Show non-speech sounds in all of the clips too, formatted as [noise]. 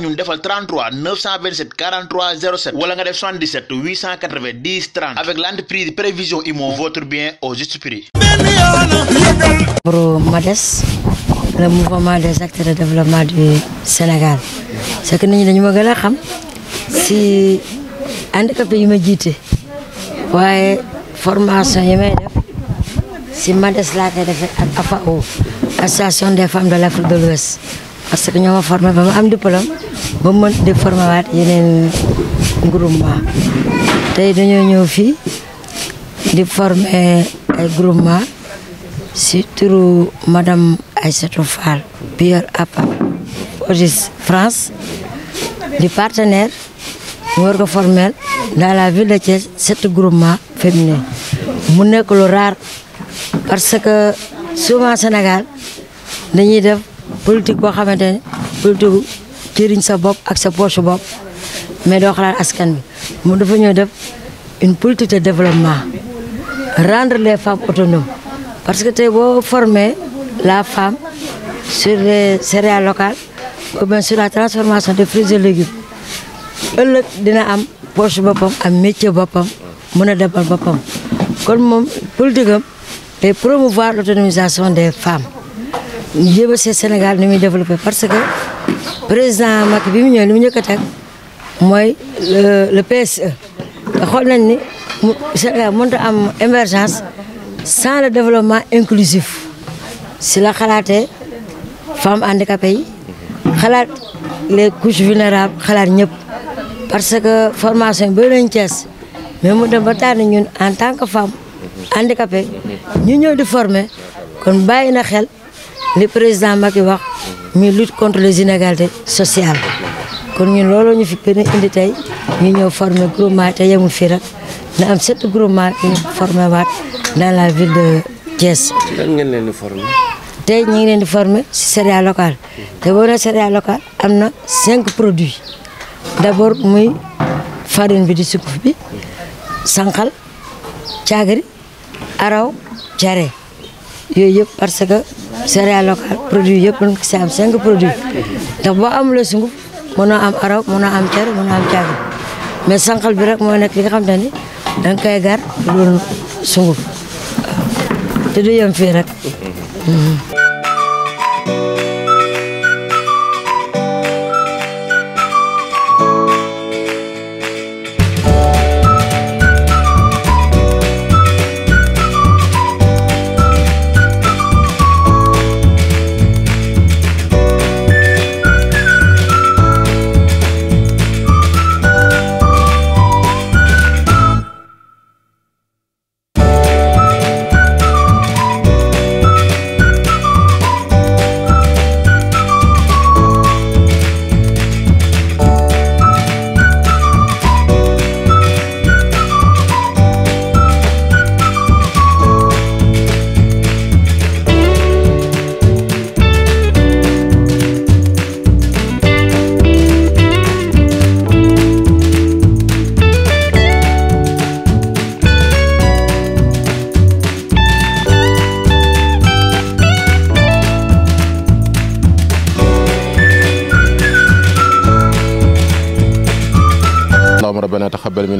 ñun defal 33 927 43 07 wala nga def 77 890 30 avec l'entreprise prévision immo votre bien au juste prix pour Mades le mouvement des acteurs de développement du Sénégal ce que nit dañu ma xam si handicapé yi ma jité waye formation yi def si madès la ka def ak AFAO association des femmes de l'Afrique de l'Ouest parce que ñoo formé ba am diplôme ba mën di formé waat yeneen groupement tey dañoo ñëw fii di formé ay groupement eh, si turu madame Aïssatou Fall Pierre Apa Ojis France di partenaire mu ko formel dans la ville de Thiès sept groupement féminin mu nekk lu rare parce que souvent Sénégal dañuy def politique boo xamante ne politique gu jëriñ sa bopp ak sa poche bopp mais doo xalaat askan bi mu dafa ñëw def une politique de développement rendre les femmes autonomes parce que tey boo former la femme sur les céréales locales ou bien sur la transformation des fruits et légumes ëllëg dina am poche boppam am métier boppam mën a defal boppam kon moom politique am day promouvoir l'autonomisation des femmes ñu jéem a Sénégal ni muy développé parce que président Macky bi mu ñëw li mu njëkk a teg mooy le PSE e. te xool nañ ni Sénégal mënut a am émergence sans le développement inclusif si la xalaatee femmes handicapées yi xalaat les couches vulnérables xalaat ñëpp parce que formation yi bëri nañu Thiès mais mu ba tànn ñun en tant que femme handicapée ñu ñëw di former kon bàyyi na xel. li président Macky wax ñu lutte contre les inégalités sociales kon ñun looloo ñu fi gën a indi tey ñu ñëw former groupement te yemul fii rek na am sept groupement ñu formé waat dans la ville de Thiès. lan ngeen leen di former. ñu ngi leen di former si céréales locales te boo nee céréales locales am na cinq produit d' abord muy farine bi di sukuf bi sànqal caagri araw jare yooyu yëpp parce que. céréales locales produits yëpp dañ ko si am cinq produits ndax boo amulee sunguf mënoo am araw mënoo am cere mënoo am caabi mais sànqal bi rek moo nekk li nga xam te ni da nga koy gar loolu sunguf te du yem fii rek. [laughs] Hmm.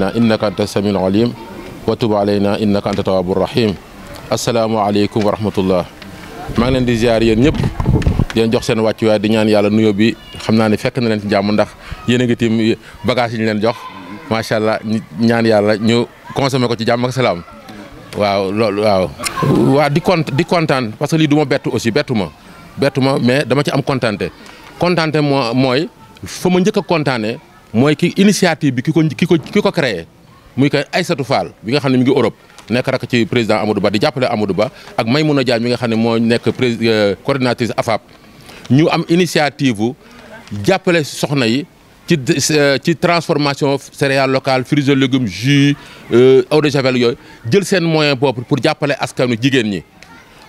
علينا إنك أنت السميع العليم وتب علينا إنك أنت التواب الرحيم السلام عليكم ورحمة الله maa ngi leen di ziar yéen ñëpp di jox seen wàcc wàccuwaay di ñaan yàlla nuyoo bi xam naa ne fekk na leen ci jàmm ndax yéen a ngi tiim bagage yi ñu leen jox macha allah ñaan yàlla ñu consommé ko ci jàmm ak salaam waaw loolu waaw. waa di kont di kontaan parce que lii du ma bettu aussi bettu ma bettu ma mais dama ci am kontaante kontaante moo mooy fa ma njëkk a kontaanee mooy ki initiative bi ki ko ki ko ki ko créé muy kay Aïssatou Fall bi nga xam ne mi ngi Europe nekk rak ci président Amadou Ba di jàppale Amadou Ba ak Maymouna Diagne mi nga xam ne moo nekk euh, coordinatrice AFAP ñu am initiative jàppale soxna yi ci euh, ci transformation céréales local fruits et légumes jus euh, eau de javel yooyu jël seen moyen boobu pour jàppale askanu jigéen ñi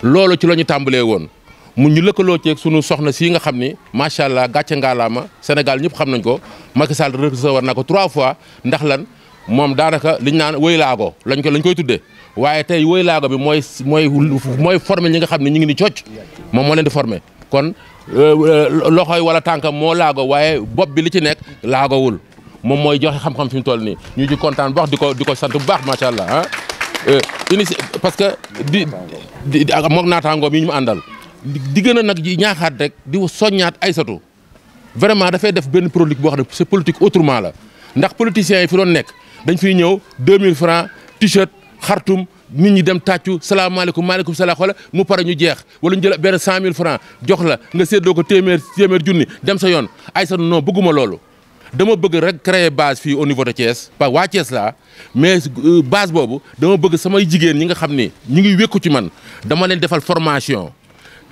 loolu ci la ñu tàmbalee woon mu ñu lëkkaloo ceeg sunu soxna sii nga xam ni macha allah gàcce ngaalaama Sénégal ñëpp xam nañ ko Macky Sall recevoir na ko trois fois ndax lan moom daanaka liñ naan wëy laago lañ ko lañ koy tuddee waaye tey wëy laago bi mooy mooy mooy formé ñi nga xam ne ñu ngi ni cocc moom moo leen di formé kon euh, euh, loxoy wala tànkam moo laago waaye bopp bi li ci nekk laagowul moom mooy joxe xam-xam fi toll nii ñu ci kontaan wax di ko di ko sant bu baax macha allah ah. Euh, parce que di di moog naataangoo bi ñu àndal. di gën a nag ji ñaaxaat rek di soññaat Aysatu vraiment dafay def benn produit boo xam ne c'est politique autrement la ndax politiciens yi fi doon nekk dañ fiy ñëw 2000 francs t-shirt xartum nit ñi dem tàccu salaamaaleykum maaleykum salaam xoolal mu pare ñu jeex wala ñu jël benn 100000 francs jox la nga séddoo ko téeméer téeméer junni dem sa yoon Aysatu non bëgguma loolu. dama bëgg rek créer base fii au niveau de Thiès pa waa Thiès laa mais euh, base boobu dama bëgg samay jigéen ñi nga xam ni ñu ngi wékku ci man dama leen defal formation.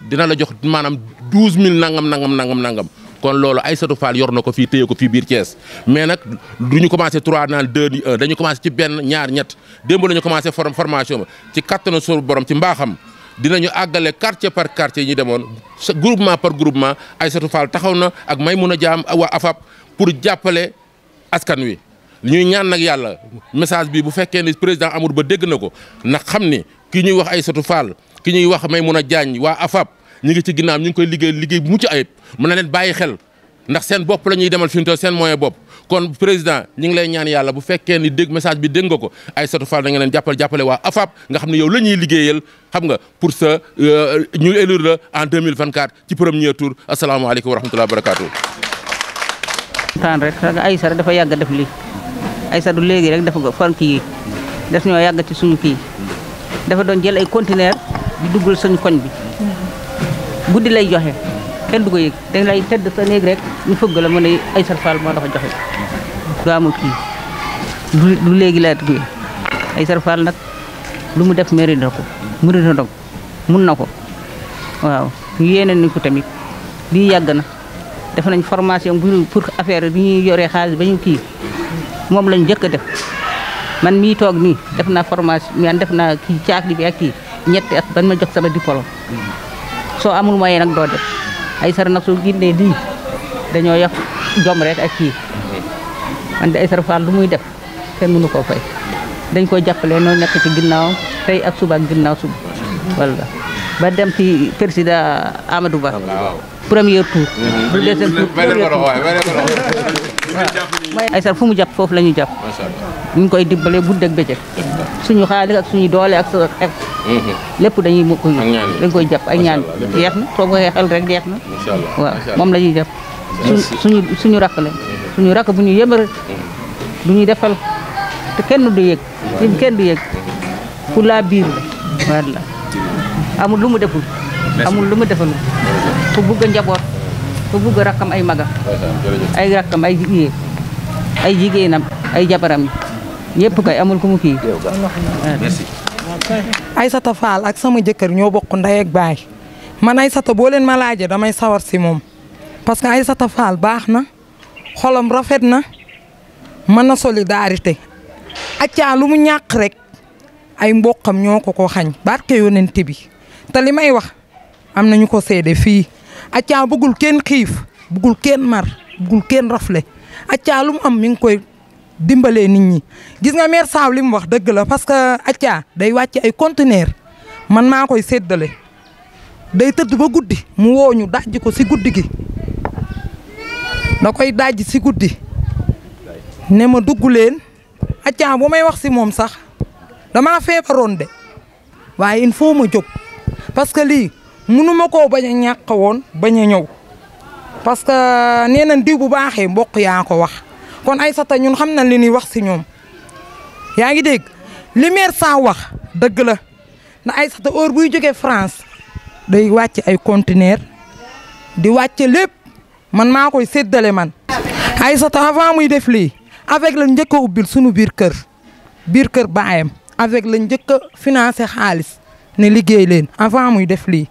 dina la jox maanaam douze mille nangam nangam nangam nangam kon loolu ay Fall yor na ko fii téye ko fii biir Thiès mais nag du ñu commencé trois naan deux ni un dañu commencé ci benn ñaar ñett démb la ñu commencé formation ba ci kattanu suñu borom ci mbaaxam dinañu àggale quartier par quartier ñi demoon groupement par groupement Aïssatou Fall taxaw na ak may a jaam waa AFAP pour jàppale askan wi. ñuy ñaan nag yàlla message bi bu fekkee ni président amul ba dégg na ko ndax xam ni ki ñuy wax Aïssatou ki ñuy wax Maimouna Diagne wa afab ñi ngi ci ginnaaw ñi ngi koy liggéey liggéey bu mucc ayib mën na leen bàyyi xel ndax seen bopp la demal fi seen kon président ñi ngi lay ñaan yàlla bu ni dégg message bi dégg nga ko Aïssatou Fall da nga leen jàppale jàppale waa AFAP nga xam ne yow la ñuy liggéeyal xam nga pour sa euh, ñu élire la en 2024 ci premier tour asalaamaaleykum wa rahmatulah barakaatu. taan rek Aïssa dafa yàgg def lii Aïssa du rek dafa ko fan kii daf ñoo yàgg ci suñu kii dafa jël ay conteneur di duggal sañ koñ bi guddi lay joxe kenn du ko yëg da lay tedd sa néeg rek ñu fëgg la mën ay sarfaal moo dafa joxe du amu kii lu léegi laa duggee ay sarfaal nag lu mu def mérite na ko na ko mun na ko waaw ñu yéene ni ko tamit lii yàgg na def nañ formation bu pour affaire bi ñuy yoree xaalis ba ñu kii moom lañ jëkk a def man mii toog nii def naa formation man def naa kii caakli bi ak kii ñetti at ban ma jox sama diplôme so amul moyen nak do def ay sar nak su gindee di dañu yox jom rek ak ki man day sar faal lu muy def kenn mënu ko fay dañ ko jàppale no nek ci ginnaw tay ak suba ginnaw suba wala ba dem ci président amadou ba premier tour deuxième tour ay sar fu mu jàpp foofu la ñu ñu koy dimbalé bu ak bëcëk suñu xaalé ak suñu doolé ak ak mhm. lépp dañuy mukk koy dañ koy japp ak ñaan jeex na toog xel rek jeex na waaw lañuy japp suñu suñu rak mhm. suñu rak bu ñu mhm. defal te kenn du yëg ñu kenn du ku la biir wala amul lu mu deful amul lu mu defal ku bëgg njaboot ku bëgg rakam ay maga ay rakam ay jigéen ay ay jabaram ñëpp kay amul ku mu kii. merci. Aysata Fall ak sama jëkkër ñoo bokk ndey ak baay man Aysata boo leen ma laaje damay sawar si moom parce que Aysata Fall baax na xolam rafet na mën na solidarité acca lu mu ñàkk rek ay mboqam ñoo ko ko xañ barke yonent bi te li may wax am na ñu ko seede fii acca bëggul kenn xiif bëggul kenn mar bëggul kenn rafle acca lu am mi ngi koy. dimbalee nit ñi gis nga maire Sow li mu wax dëgg la parce que Atia day wàcc ay conteneur man maa koy séddale day tëdd ba guddi mu woo ñu dajji ko si guddi gi da koy dajji si guddi ne ma dugg leen Atia bu may wax si moom sax damaa feebaroon de waaye in faut ma jóg parce que lii munu ma koo bañ a ñàkk woon bañ a ñëw parce que nee na diw bu baaxee mbokk yaa ko wax. kon Aysata ñun xam nañ li ñuy wax si ñoom yaa ngi dégg li meer saa wax dëgg la na Aysata heure buy jógee France day wàcc ay conteneur di wàcc lépp man maa koy séddale man. Aysata avant muy def lii avec la njëkk a ubbil sunu biir kër biir kër baayam avec la njëkk a financé xaalis ne liggéey leen avant muy def lii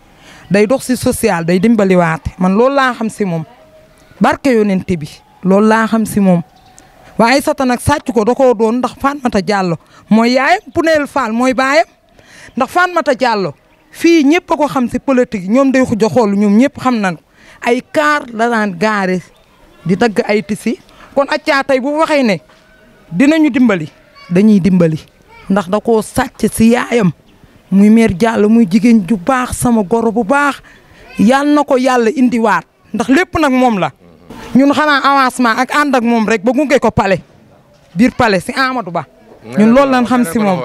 day dox si social day dimbaliwaate man loolu laa xam si moom barke yonent bi loolu laa xam si moom. waaye Aysata nag sàcc ko da koo doon ndax Fatmata Diallo mooy yaayam Puneel Fall mooy baayam ndax Fatmata jàlloo fii ñëpp a ko xam si politique ñoom day xuj a xool ñoom ñëpp xam na ay kaar la daan gaare di dagg ay tisi kon accaa tey bu waxee ne dinañu dimbali dañuy dimbali ndax da koo sàcc si yaayam muy meer Diallo muy jigéen ju baax sama goro bu baax yal na ko yàlla indiwaat ndax lépp nag moom la. ñun xanaa avancement ak ànd ak moom rek ba gunge ko pale biir pale si Amadou Ba. ñun loolu lañ xam si moom.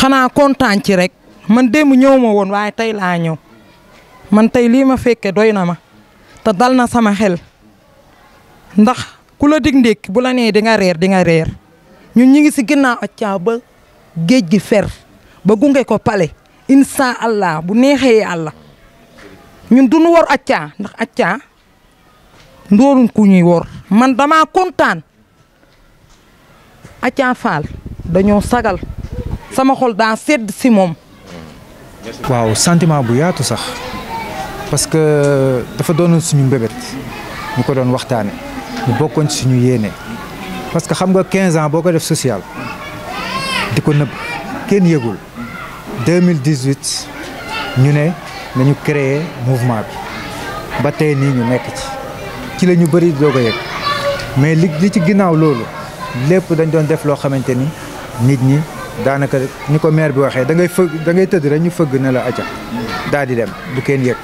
xanaa kontaan rek man démb ñëw ma woon waaye tey laa ñëw man tey lii ma fekke doy na ma te dal na sama xel ndax ku la dig ndékki bu la nee di nga reer di nga reer ñun ñi ngi si ginnaaw accaaw ba géej gi fer ba gunge ko pale incha allah bu neexee yàlla du duñu wor accaa ndax accaa ndooruñ ku ñuy wor man dama kontaan accaa faal dañoo sagal sama xol daa sedd si moom waaw sentiment bu yaatu sax parce que dafa doonoon suñu mbébét ñu ko doon waxtaane ñu bokkoon ci suñu yéene parce que xam nga 15 ans boo ko def social di ko nëbb kenn yëgul 2018 ñu ne nañu ñu mouvement bi ba tey nii ñu nekk ci ci la ñu bëri doo ko yëg mais li li ci ginnaaw loolu lépp dañ doon def loo xamante ni nit ñi daanaka ñu ko maire bi waxee da ngay fëgg da ngay tëdd rek ñu fëgg ne la aca daal di dem du kenn yëg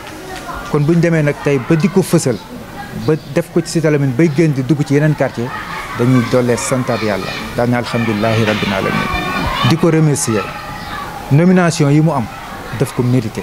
kon bu ñu demee nag tey ba di ko fësal ba def ko ci Cité Lamy bay génn di dugg ci yeneen quartier dañuy dollee santaat yàlla daan na alhamdulilahi alamin di ko remercier nomination yi mu am daf ko mérité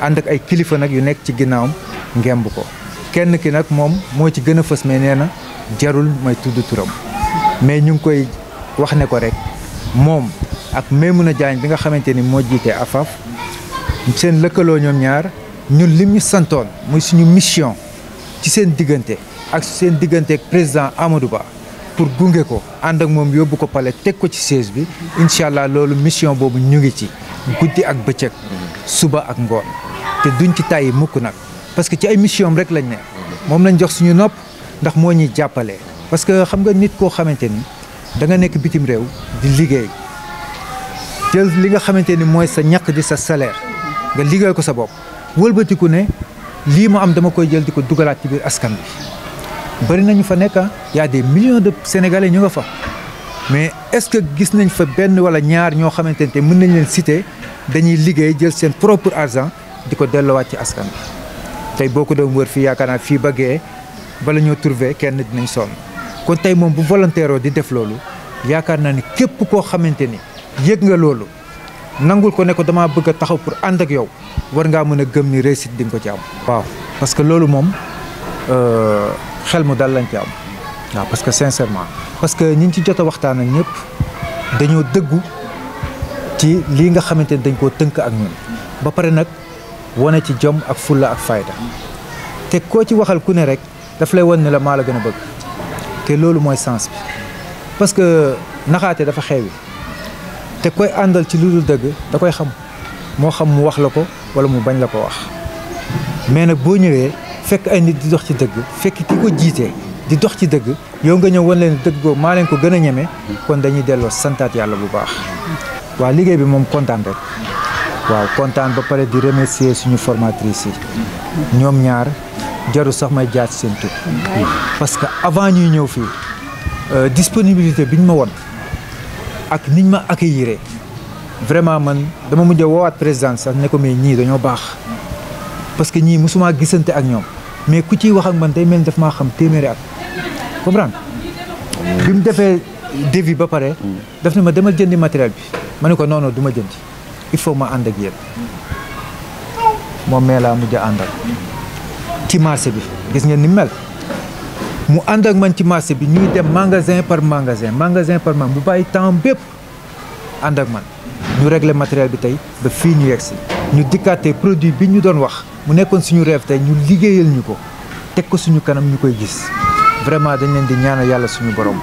ànd ak ay kilifa nag yu nekk ci ginnaawam ngemb ko kenn ki nag moom moo ci gën a fës mais nee na jarul may tudd turam mais ñu ngi koy wax ne ko rek moom ak a jaañ bi nga xamante ni moo jiite AFAF seen lëkkaloo ñoom ñaar ñun lim ñu santoon muy suñu mission ci seen diggante ak seen diggante président Amadou Ba pour gunge ko ànd ak moom yóbbu ko pale teg ko ci siège bi incha allah loolu mission boobu ñu ngi ci guddi ak bëccëg suba ak ngoon te duñ ci tàyyi mukk nag parce que ci ay mission rek lañ ne moom lañ jox suñu nopp ndax moo ñuy jàppale parce que xam nga nit koo xamante ni da nga nekk bitim réew di liggéey jël li nga xamante ni mooy sa ñàkk di sa salaire nga liggéey ko sa bopp wëlbatiku ne lii ma am dama koy jël di ko dugalaat ci biir askan bi bari nañu fa nekk ah. yaa a des millions de sénégalais ñu nga fa mais est-ce que gis nañ fa benn wala ñaar ñoo xamante ne mën nañ leen citer dañuy liggéey jël seen propre argent di ko dellowaat ci askan tey boo ko doon wër fii yaakaar naa fii bëggee bala ñoo trouver kenn dinañ sonn kon tey moom bu volontaire di def loolu yaakaar naa ni képp koo xamante ni yëg nga loolu nangul ko ne ko damaa bëgg a taxaw pour ànd ak yow war ngaa mën a gëm ni réussite di ko ci am. waaw parce que loolu moom euh, xel mu dal lañ ci am. waaw parce que sincèrement parce que ñi ñu ci jot a waxtaan ak ñëpp dañoo dëggu ci lii nga xamante ne dañ koo tënk ak ñun ba pare nag wane ci jom ak fulla ak fayda te koo ci waxal ku ne rek daf lay won ne la maa la gën a bëgg te loolu mooy sens bi parce que naxaate dafa xewi te koy àndal ci lu dul dëgg da koy xam moo xam mu wax la ko wala mu bañ la ko wax mais nag boo ñëwee fekk ay nit di dox ci dëgg fekk ki ko jiitee di dox ci dëgg yow nga ñëw wan leen dëgg boobu maa leen ko gën a ñeme kon dañuy delloo santaat yàlla bu baax waa liggéey bi moom kontaan rek waaw kontaan ba pare di remercier suñu formatrice yi ñoom ñaar jaru sax may jaat seen tur parce que avant ñuy ñëw fii euh, disponibilité bi ñu ma won ak niñ ma accueillir vraiment man dama mujj woowaat présidence sax ne ko ñii dañoo baax parce que ñii mësumaa gisante ak ñoom mais ku ciy wax ak man day mel ni daf maa xam téeméeri at comprendre bi mu defee devis ba pare def ne ma demal jënd matériel bi ma ne ko non duma du ma jëndi il faut ma ànd ak yéen moom mee laa mujj a àndal ci marché bi gis ngeen ni mel mu ànd ak man ci marché bi ñuy dem magasin par magasin magasin par magasin bu bàyyi temps bépp ànd ak man ñu régler matériel bi tey ba fii ñu yegg si ñu dikkaatee produit bi ñu doon wax mu nekkoon suñu rêve tey ñu liggéeyal ñu ko teg ko suñu kanam ñu koy gis vraiment dañ leen di ñaana yàlla suñu borom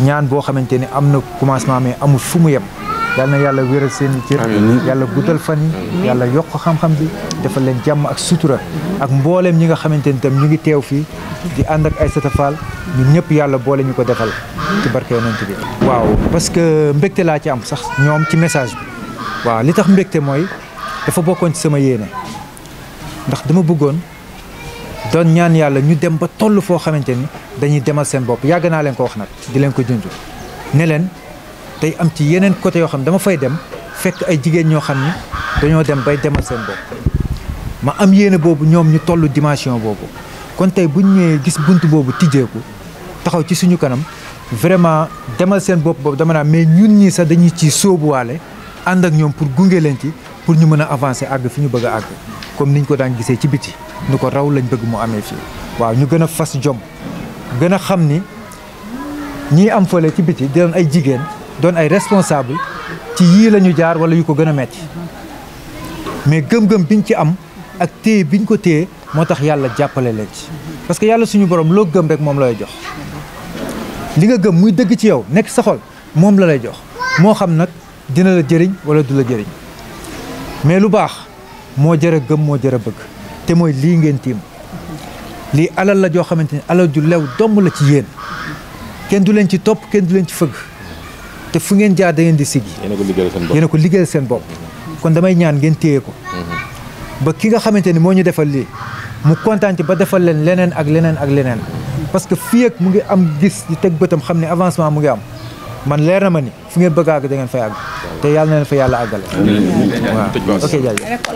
ñaan boo xamante ni am na commencement mais amul fu mu yem yal na yàlla wéral seen i cër yàlla guddal fan yi yàlla yokk xam-xam bi defal leen jàmm ak sutura ak mbooleem ñi nga xamante ni tam ñu ngi teew fii di ànd ak Aïssata Fall ñun ñëpp yàlla boole ñu ko defal ci barke yonent bi waaw parce que mbégte laa ci am sax ñoom ci message bi waaw li tax mbégte mooy dafa bokkoon ci sama yéene ndax dama bëggoon doon ñaan yàlla ñu dem ba toll foo xamante ni dañuy demal seen bopp yàgg naa leen ko wax nag di leen ko junj ne leen tey am ci yeneen côté yoo xam ne dama fay dem fekk ay jigéen ñoo xam ne dañoo dem bay demal seen bopp ma am yéene boobu ñoom ñu toll dimension boobu kon tey bu ñu ñëwee gis bunt boobu tijjeeku taxaw ci suñu kanam vraiment demal seen bopp boobu dama naa mais ñun ñii sa dañuy ci sóobuwaale ànd ak ñoom pour gunge leen ci pour ñu mëna avancer ag fi ñu bëgg ag comme niñ ko daan gisé ci biti nu ko raw lañ bëgg mu amé fi waaw ñu gëna a fas jom gëna xam ni ñi am fële ci biti di doon ay jigen doon ay responsable ci yi lañu jaar wala yu ko gëna metti mais gëm-gëm biñ ci am ak té biñ ko té motax yalla jappalé leen ci parce que yalla suñu borom lo gëm rek moom lay jox li nga gëm muy dëgg ci yow nek sa xol mom la lay jox mo xam nak dina la jëriñ wala du la jëriñ mais lu baax moo jar a gëm moo jar a bëgg te mooy lii ngeen tiim lii alal la joo xamante ni alal ju lew domm la ci yéen kenn du leen ci topp kenn du leen ci fëgg te fu ngeen jaar da ngeen di siggi yéen a ko liggéeyal seen bopp kon damay ñaan ngeen téye ko mm-hmm. ba ki nga xamante ni moo ñu defal lii mu kontaan ci ba defal leen leneen ak leneen ak leneen parce que fii ak mu ngi am gis di teg bëtam xam ne avancement mu ngi am man leer na ma ni fi ngeen bëgg a àgg da ngeen fay àgg te yàlla na leen fa yàlla àggale waaw ok jërëjëf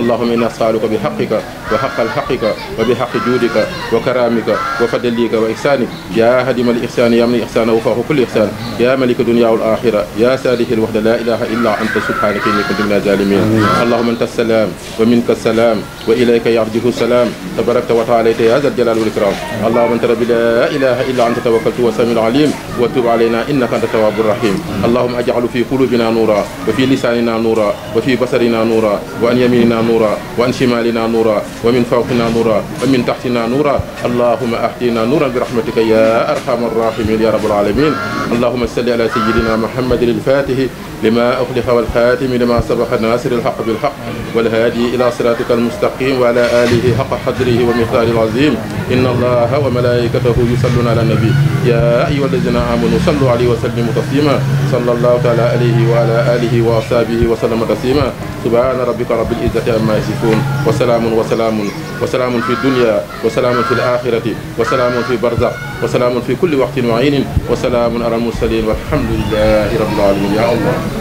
allahumma inna nas'aluka bi haqqika wa haqqal haqqika wa bi haqqi juudika wa karamika wa fadlika wa ihsanika ya hadimal ihsani ya man ihsana wa fawqa kulli ihsan ya malika dunya wal akhirah ya salihil wahda la ilaha illa anta subhanaka inni kuntu minaz zalimin allahumma anta salam wa minka salam wa ilayka yarji'u salam tabarakta wa ta'alayta ya zal jalali wal ikram allahumma anta rabbi la ilaha illa anta tawakkaltu wa samiul alim wa tub alayna innaka antat tawwabur rahim اللهم اجعل في قلوبنا نورا وفي لساننا نورا وفي بصرنا نورا وعن يميننا نورا وعن شمالنا نورا ومن فوقنا نورا ومن تحتنا نورا اللهم اهدنا نورا برحمتك يا ارحم الراحمين يا رب العالمين اللهم صل على سيدنا محمد الفاتح لما اخلف والخاتم لما سبق ناصر الحق بالحق والهادي الى صراطك المستقيم وعلى اله حق قدره ومقداره العظيم ان الله وملائكته يصلون على النبي يا ايها الذين امنوا صلوا عليه وسلموا تسليما صلى الله تعالى عليه وعلى آله وأصحابه وسلم تسليما سبحان ربك رب العزة عما يصفون وسلام وسلام وسلام في الدنيا وسلام في الآخرة وسلام في برزخ وسلام في كل وقت وعين وسلام على المرسلين والحمد لله رب العالمين يا الله